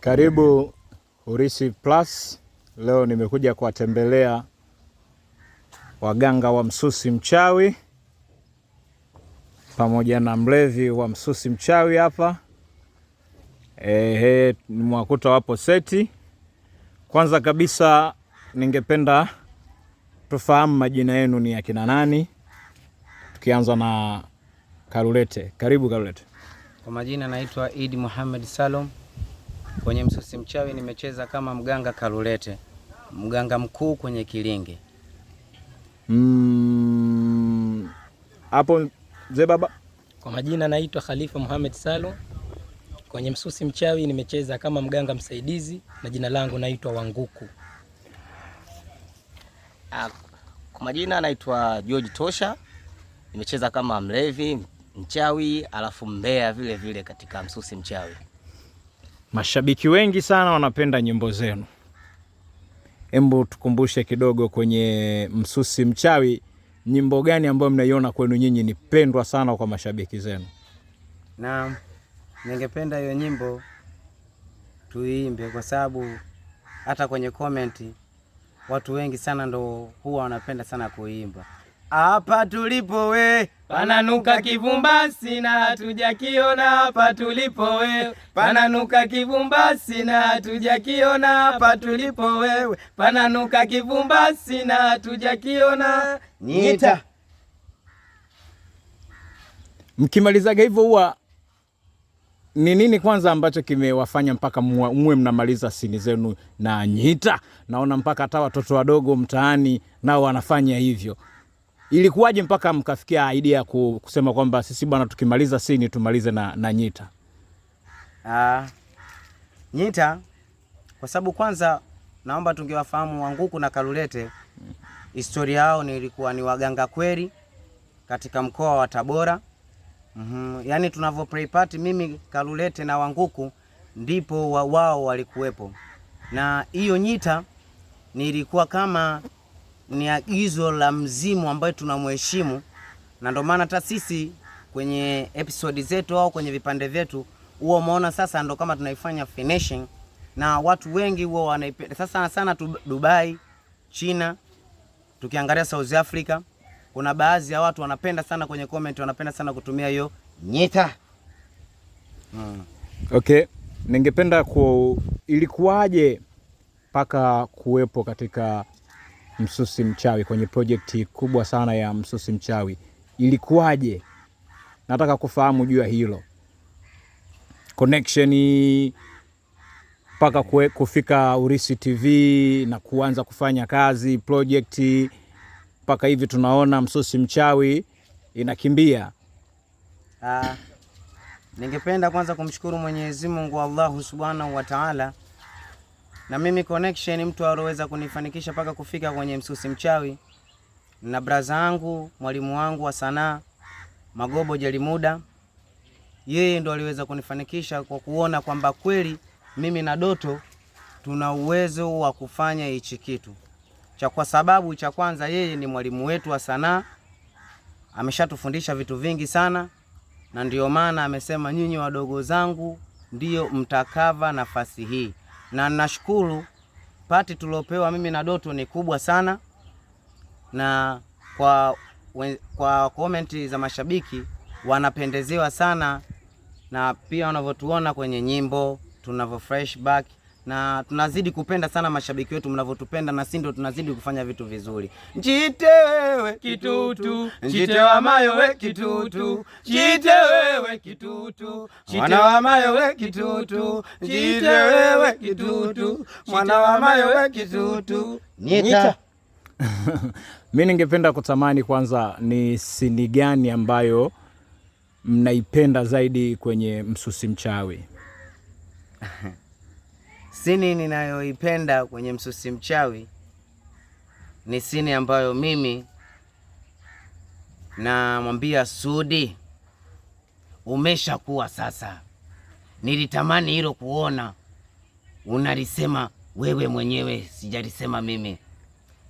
Karibu Urithi Plus. Leo nimekuja kuwatembelea waganga wa msusi mchawi pamoja na mlevi wa msusi mchawi hapa. Ehe, mwakuta wapo seti. Kwanza kabisa ningependa tufahamu majina yenu ni akina nani, tukianza na Karulete. Karibu Karulete. Kwa majina naitwa Idi Muhammad Salum Kwenye msusi mchawi nimecheza kama mganga Kalulete, mganga mkuu kwenye kilingi mm, hapo. Mm, ze baba, kwa majina naitwa Khalifa Muhammad Salo. Kwenye msusi mchawi nimecheza kama mganga msaidizi na jina langu naitwa Wanguku. Ah, kwa majina naitwa George Tosha, nimecheza kama mlevi mchawi, alafu mbea vile vile katika msusi mchawi. Mashabiki wengi sana wanapenda nyimbo zenu, hebu tukumbushe kidogo kwenye Msusi Mchawi, nyimbo gani ambayo mnaiona kwenu nyinyi ni pendwa sana kwa mashabiki zenu? Na ningependa hiyo nyimbo tuiimbe, kwa sababu hata kwenye komenti watu wengi sana ndo huwa wanapenda sana kuiimba. Hapa tulipo we pananuka kivumbasi na hatujakiona. Hapa tulipo we pananuka kivumbasi na hatujakiona. Hapa tulipo wewe pananuka kivumbasi na hatujakiona. nita mkimalizaga hivyo huwa ni nini kwanza ambacho kimewafanya mpaka mwe mnamaliza sini zenu na nyita? Naona mpaka hata watoto wadogo mtaani nao wanafanya hivyo. Ilikuwaje mpaka mkafikia idea kusema kwamba sisi bwana, tukimaliza sini tumalize na, na Nyita? Aa, ah, Nyita kwa sababu kwanza naomba tungewafahamu Wanguku na Kalulete, historia yao ni ilikuwa ni waganga kweli katika mkoa wa Tabora. Mm -hmm. Yaani tunavyo play part mimi Kalulete na Wanguku ndipo wao walikuwepo, na hiyo Nyita nilikuwa kama ni agizo la mzimu ambayo tunamheshimu, na ndio maana hata sisi kwenye episodi zetu au kwenye vipande vyetu huwa umeona sasa ndo kama tunaifanya finishing, na watu wengi huwa wanaipenda sasa sana, sana tu Dubai, China, tukiangalia South Africa, kuna baadhi ya watu wanapenda sana kwenye comment, wanapenda sana kutumia hiyo nyeta hmm. Okay, ningependa ku ilikuwaje mpaka kuwepo katika Msusi Mchawi, kwenye projekti kubwa sana ya Msusi Mchawi. Ilikuwaje? Nataka kufahamu juu ya hilo connection mpaka kufika Urisi TV na kuanza kufanya kazi project, mpaka hivi tunaona Msusi Mchawi inakimbia. Ah, ningependa kwanza kumshukuru Mwenyezi Mungu Allahu Subhanahu wa Ta'ala na mimi connection, mtu aweza kunifanikisha mpaka kufika kwenye msusi mchawi na braza yangu mwalimu wangu wa sanaa Magobo jalimuda yeye ndo aliweza kunifanikisha kwa kuona kwamba kweli mimi na Doto tuna uwezo wa kufanya hichi kitu cha, kwa sababu cha kwanza, yeye ni mwalimu wetu wa sanaa, ameshatufundisha vitu vingi sana, na ndio maana amesema nyinyi wadogo zangu ndio mtakava nafasi hii na nashukuru pati tuliopewa mimi na Doto ni kubwa sana, na kwa kwa komenti za mashabiki wanapendezewa sana, na pia wanavyotuona kwenye nyimbo tunavyo fresh back na tunazidi kupenda sana mashabiki wetu mnavyotupenda, na si ndio tunazidi kufanya vitu vizuri. Njite wewe kitutu, njite wa mayo we kitutu, njite wewe kitutu, mwana wa mayo we kitutu, njite wewe kitutu, mwana wa mayo we kitutu, nita mi ningependa kutamani kwanza ni sini gani ambayo mnaipenda zaidi kwenye Msusi Mchawi? Sini ninayoipenda kwenye Msusi Mchawi ni sini ambayo mimi namwambia Sudi, umeshakuwa sasa. Nilitamani hilo kuona, unalisema wewe mwenyewe, sijalisema mimi.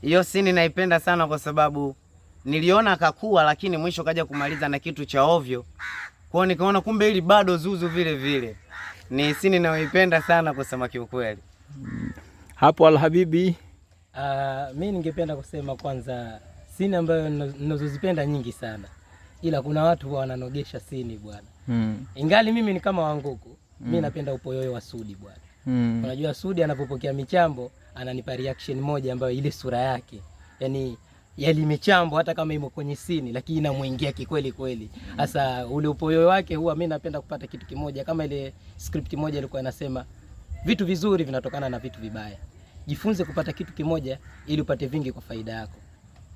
Hiyo sini naipenda sana kwa sababu niliona akakuwa, lakini mwisho kaja kumaliza na kitu cha ovyo kwao, nikaona kumbe hili bado zuzu vile vile ni sini nayoipenda sana kusema kiukweli. Hapo Alhabibi, uh, mi ningependa kusema kwanza sini ambayo ninazozipenda nyingi sana ila kuna watu huwa wananogesha sini bwana mm. Ingali mimi ni kama wanguku mm. Mi hmm. napenda upoyoyo wa Sudi bwana mm. Unajua Sudi anapopokea michambo ananipa reaction moja ambayo ile sura yake yani yalimichambo hata kama imo kwenye sini, lakini inamuingia kikweli kweli. Sasa ule upoyo wake huwa mimi napenda kupata kitu kimoja, kama ile script moja ilikuwa inasema vitu vizuri vinatokana na vitu vibaya. Jifunze kupata kitu kimoja ili upate vingi kwa faida yako.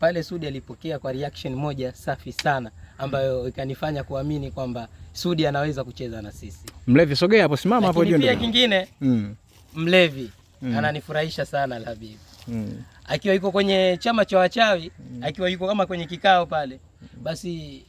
Pale Sudi alipokea kwa reaction moja safi sana ambayo ikanifanya kuamini kwamba Sudi anaweza kucheza na sisi. Mlevi, sogea hapo, simama hapo. Pia kingine mm. Mlevi mm. ananifurahisha sana Labibu mm akiwa yuko kwenye chama cha wachawi, akiwa yuko kama kwenye kikao pale, basi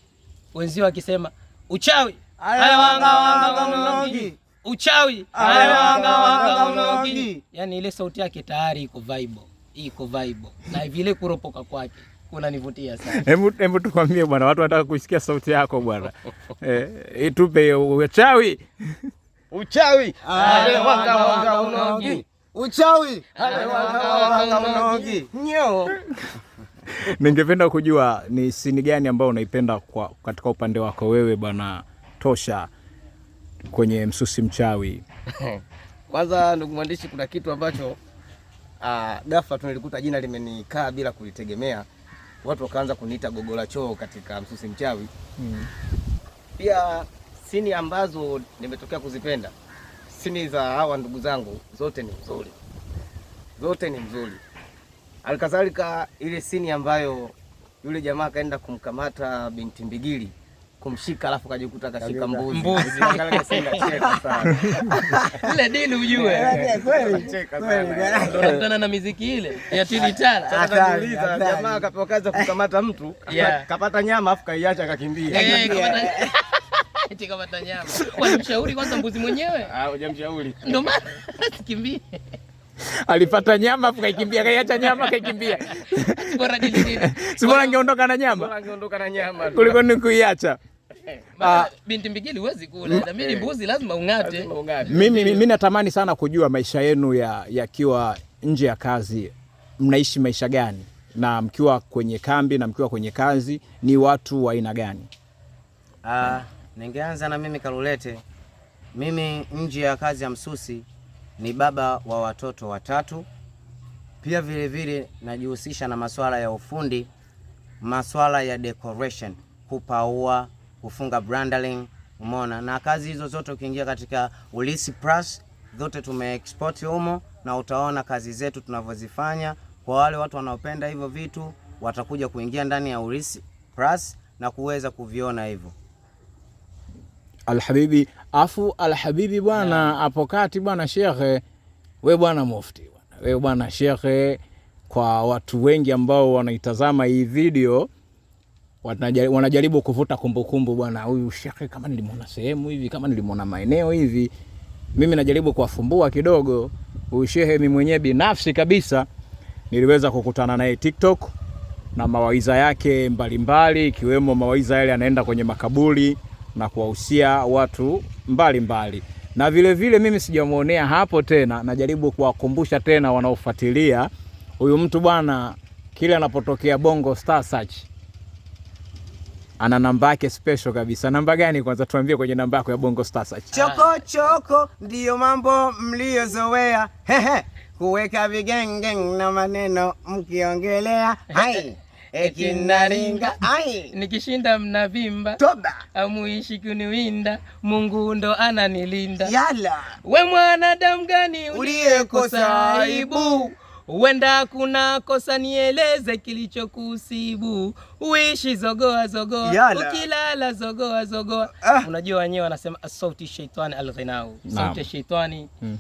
wenzio akisema uchawi haya wanga wanga mlongi uchawi haya wanga wanga mlongi, yani ile sauti yake tayari iko vibe, iko vibe na vile kuropoka kwake kunanivutia sana. Hebu hebu tukwambie bwana, watu wanataka kusikia sauti yako bwana. Eh, itupe uchawi uchawi haya wanga wanga mlongi uchawi ningependa kujua ni sini gani ambayo unaipenda kwa katika upande wako wewe bwana Tosha kwenye Msusi Mchawi? Kwanza ndugu mwandishi, kuna kitu ambacho ah, ghafla uh, tunalikuta jina limenikaa bila kulitegemea, watu wakaanza kuniita gogola choo katika Msusi Mchawi. Hmm. Pia sini ambazo nimetokea kuzipenda sini za hawa ndugu zangu zote ni nzuri, zote ni nzuri. Alikadhalika ile sini ambayo yule jamaa kaenda kumkamata binti Mbigili kumshika alafu kajikuta kashika mbuzi. Ile dini ujue. Tunakutana na miziki ile ya tili tala. Atauliza jamaa akapewa kazi ya kukamata mtu, kapata nyama afu kaiacha akakimbia. Eh, eti kama tanyama. Kwani mshauri kwanza mbuzi mwenyewe? Ah, hujamshauri. Ndio maana sikimbie. Alipata nyama afu kaikimbia, kaiacha nyama kaikimbia. Bora dili Sibora angeondoka na nyama. Bora angeondoka na nyama. Kuliko ni kuiacha. Ma, Mata, ah. binti mbigili huwezi kula na mm. mimi mbuzi lazima ung'ate. Lazima ung'ate. Mimi mimi natamani sana kujua maisha yenu ya yakiwa nje ya kazi mnaishi maisha gani na mkiwa kwenye kambi na mkiwa kwenye kazi ni watu wa aina gani? Ah. Ningeanza na mimi karulete Mimi nje ya kazi ya msusi ni baba wa watoto watatu, pia vilevile najihusisha na masuala ya ufundi, masuala ya decoration, kupaua, kufunga brandling, umeona. Na kazi hizo zote ukiingia katika Ulisi Plus zote tumeexport humo, na utaona kazi zetu tunavyozifanya. Kwa wale watu wanaopenda hivyo vitu watakuja kuingia ndani ya Ulisi Plus na kuweza kuviona hivyo. Alhabibi afu Alhabibi bwana hapo kati bwana shekhe, we bwana mufti bwana, we bwana shekhe, kwa watu wengi ambao wanaitazama hii video wanajaribu, wanajaribu kuvuta kumbukumbu bwana, huyu shekhe kama nilimwona sehemu hivi, kama nilimwona maeneo hivi. Mimi najaribu kuwafumbua kidogo huyu shehe. Mimi mwenyewe binafsi kabisa niliweza kukutana naye TikTok na mawaidha yake mbalimbali ikiwemo mawaidha yale anaenda kwenye makaburi na kuwahusia watu mbalimbali mbali. Na vile vile mimi sijamwonea hapo tena, najaribu kuwakumbusha tena wanaofuatilia huyu mtu bwana, kile anapotokea Bongo Star Search ana namba yake special kabisa. Namba gani kwanza? Tuambie kwenye namba yako ya Bongo Star Search. Choko choko ndiyo mambo mliozoea hehe, kuweka vigengeng na maneno mkiongelea hai ekinaringa ai, nikishinda mnavimba toba, amuishi kuniwinda, Mungu ndo ananilinda. Yala, we mwanadamu gani uliyekosa aibu Wenda kuna kosa, nieleze kilichokusibu. Uishi zogoa zogoa, ukilala zogoa zogoa. Ah, unajua wenyewe wanasema sauti shaitani alghinau, sauti shaitani hmm,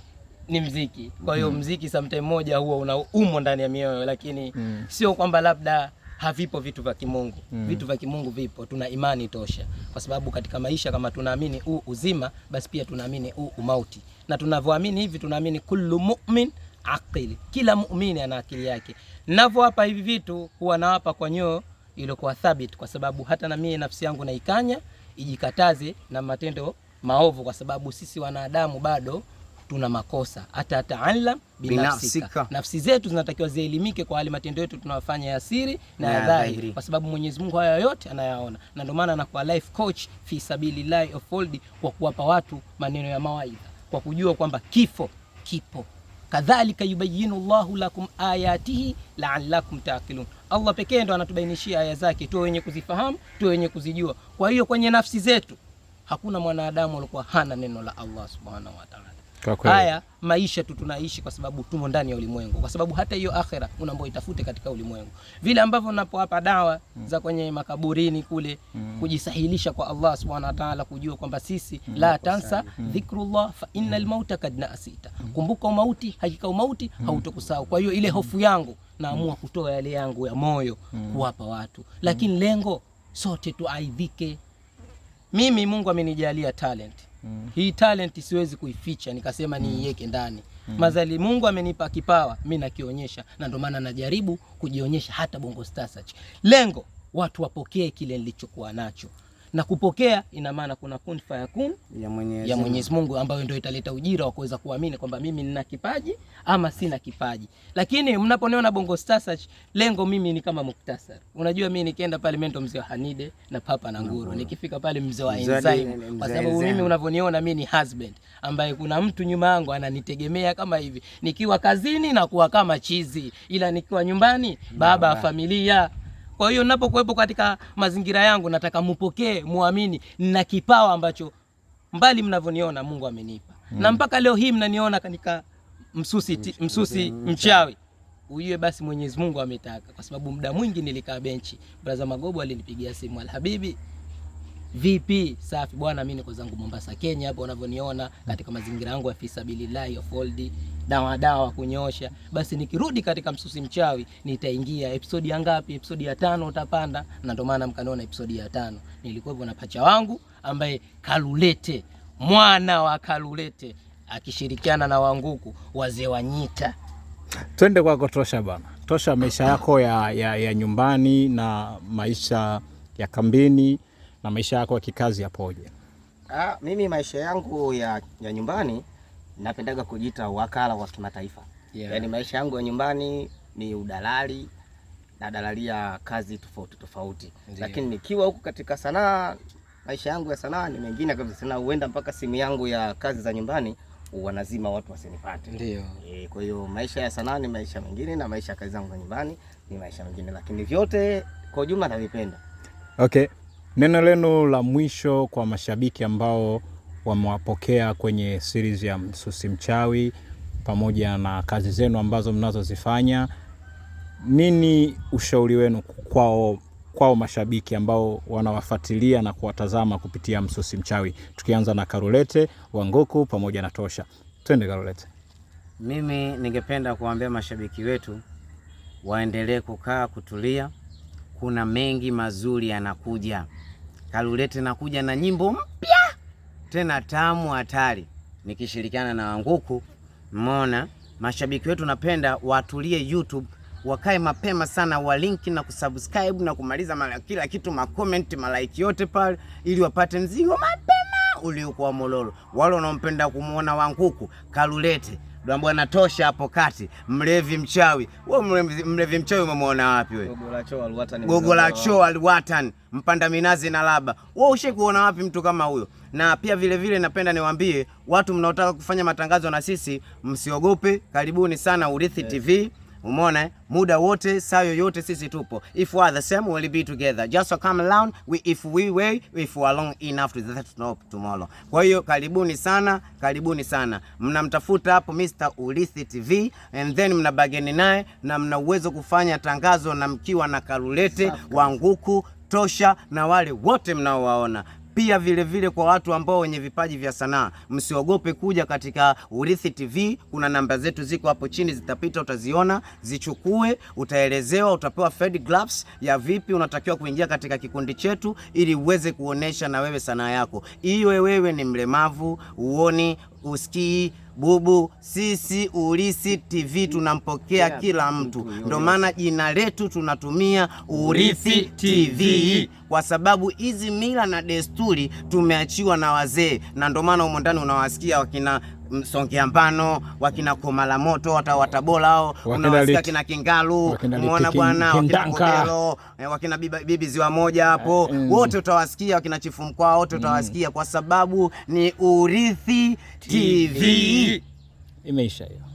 ni mziki. Kwa hiyo hmm, mziki sometimes moja huwa unaumo ndani ya mioyo, lakini hmm, sio kwamba labda havipo vitu vya kimungu mm. Vitu vya kimungu vipo, tuna imani tosha, kwa sababu katika maisha kama tunaamini huu uzima, basi pia tunaamini huu umauti, na tunavyoamini hivi, tunaamini kullu mu'min aqil, kila muumini ana akili yake. Ninavyowapa hivi vitu huwa nawapa kwa nyoo iliyokuwa thabit kwa sababu hata na mimi nafsi yangu naikanya ijikataze na matendo maovu, kwa sababu sisi wanadamu bado tuna makosa, atataalam binafsika. Nafsi zetu zinatakiwa zielimike kwa hali matendo yetu tunayofanya ya siri na ya dhahiri, kwa sababu Mwenyezi Mungu haya yote anayaona, na ndio maana anakuwa life coach fi sabilillahi old, kwa kuwapa watu maneno ya mawaidha, kwa kujua kwamba kifo kipo kadhalika yubayinu llahu lakum ayatihi laallakum taqilun, Allah pekee ndo anatubainishia aya zake, tuwe wenye kuzifahamu, tuwe wenye kuzijua. Kwa hiyo kwenye nafsi zetu hakuna mwanadamu alikuwa hana neno la Allah subhanahu wa ta'ala. Haya maisha tu tunaishi kwa sababu tumo ndani ya ulimwengu, kwa sababu hata hiyo akhera unaambiwa itafute katika ulimwengu, vile ambavyo unapowapa dawa mm. za kwenye makaburini kule mm. kujisahilisha kwa Allah subhanahu wa ta'ala, kujua kwamba sisi mm. la tansa mm. dhikrullah fa innal mm. mauta kad nasita mm. kumbuka umauti, hakika umauti mm. hautokusahau. Kwa hiyo ile hofu yangu naamua mm. kutoa yale yangu ya moyo mm. kuwapa watu, lakini mm. lengo sote tuaidhike. Mimi Mungu amenijalia talent mm. hii talent siwezi kuificha, nikasema mm. niiweke ndani mm. Madhali Mungu amenipa kipawa mi nakionyesha, na ndio maana najaribu kujionyesha hata Bongo Star Search. Lengo watu wapokee kile nilichokuwa nacho na kupokea, ina maana kuna kun fayakun ya Mwenyezi, ya Mwenyezi Mungu ambayo ndio italeta ujira wa kuweza kuamini kwamba mimi nina kipaji ama sina kipaji. Lakini mnaponiona Bongo Star Search, lengo mimi ni kama muktasar. Unajua, mimi nikienda pale mento mzee wa Hanide na Papa na Nguru, nikifika pale mzee wa Enzyme, kwa sababu mimi unavyoniona mimi ni husband ambaye kuna mtu nyuma yangu ananitegemea kama hivi, nikiwa kazini na kuwa kama chizi, ila nikiwa nyumbani baba familia kwa hiyo napokuwepo katika mazingira yangu, nataka mupokee, muamini na kipawa ambacho mbali mnavyoniona Mungu amenipa mm. na mpaka leo hii mnaniona katika msusi, ti, msusi mchawi Ujue basi Mwenyezi Mungu ametaka, kwa sababu muda mwingi nilikaa benchi. Braza Magobo alinipigia simu, Alhabibi Vipi? Safi bwana, mimi niko zangu Mombasa, Kenya hapo unavyoniona katika mazingira yangu ya fisabilillahi of old dawa dawa kunyosha. Basi nikirudi katika msusi mchawi nitaingia episodi ya ngapi? Episodi ya tano utapanda, na ndio maana mkaniona episodi ya tano. Nilikuwa na pacha wangu ambaye Kalulete, mwana wa Kalulete akishirikiana na Wanguku, wazee wa Nyita. Twende kwako Tosha bana. Tosha, maisha yako ya, ya, ya nyumbani na maisha ya kambini na maisha yako ya kikazi yapoje? Ah, mimi maisha yangu ya, ya nyumbani napendaga kujiita wakala wa kimataifa yeah. Yaani maisha yangu ya nyumbani ni udalali na dalalia kazi tofauti tofauti yeah. Lakini nikiwa huku katika sanaa, maisha yangu ya sanaa ni mengine kabisa, Sana huenda mpaka simu yangu ya kazi za nyumbani wanazima watu wasinipate. Ndio. E, kwa hiyo maisha ya sanaa ni maisha mengine na maisha ya kazi zangu za nyumbani ni maisha mengine, lakini vyote kwa ujumla navipenda. Okay. Neno lenu la mwisho kwa mashabiki ambao wamewapokea kwenye series ya Msusi Mchawi pamoja na kazi zenu ambazo mnazozifanya, nini ushauri wenu kwao, kwao mashabiki ambao wanawafuatilia na kuwatazama kupitia Msusi Mchawi, tukianza na Karulete wanguku pamoja na Tosha? Twende Karulete. Mimi ningependa kuwaambia mashabiki wetu waendelee kukaa kutulia, kuna mengi mazuri yanakuja. Kalulete nakuja na nyimbo mpya tena tamu hatari, nikishirikiana na Wanguku. Mona mashabiki wetu, napenda watulie YouTube, wakae mapema sana, walinki na kusubscribe na kumaliza mara kila kitu, ma malaiki yote pale, ili wapate mzigo mapema uliokuwa mololo. Wale wanaompenda kumwona Wanguku Kalulete Dwa bwana tosha hapo kati, mlevi mchawi. Wewe mlevi, mlevi mchawi umemwona wapi wewe? Gogo la choo alwatan, mpanda minazi na laba. Wewe ushe kuona wapi mtu kama huyo? Na pia vile vile napenda niwaambie watu mnaotaka kufanya matangazo na sisi, msiogope. Karibuni sana Urithi yeah. TV Umeona, eh? muda wote, saa yoyote sisi tupo. If we are the same, we'll be together. Just come around, we, if we way, if we are long enough to stop tomorrow. Kwa hiyo karibuni sana, karibuni sana. Mnamtafuta hapo Mr. Urithi TV and then mna bageni naye na mna uwezo kufanya tangazo na mkiwa na karulete, wanguku, tosha na wale wote mnaowaona. Pia vile vile kwa watu ambao wenye vipaji vya sanaa, msiogope kuja katika Urithi TV. Kuna namba zetu ziko hapo chini, zitapita utaziona, zichukue, utaelezewa, utapewa fed gloves ya vipi unatakiwa kuingia katika kikundi chetu ili uweze kuonesha na wewe sanaa yako, iwe wewe ni mlemavu, uoni usikii bubu, sisi urisi TV tunampokea kila mtu, ndio maana jina letu tunatumia Urithi TV, kwa sababu hizi mila na desturi tumeachiwa na wazee, na ndio maana humo ndani unawasikia wakina Msongeambano, wakina Komala Moto, hata Watabola hao unawasikia kina Kingalu, umeona bwana, wakina Kodelo, eh, wakina bibi ziwa moja hapo, eh, mm. wote utawasikia, wakina Chifu Mkwa, wote mm. utawasikia kwa sababu ni Urithi TV. Imeisha hiyo.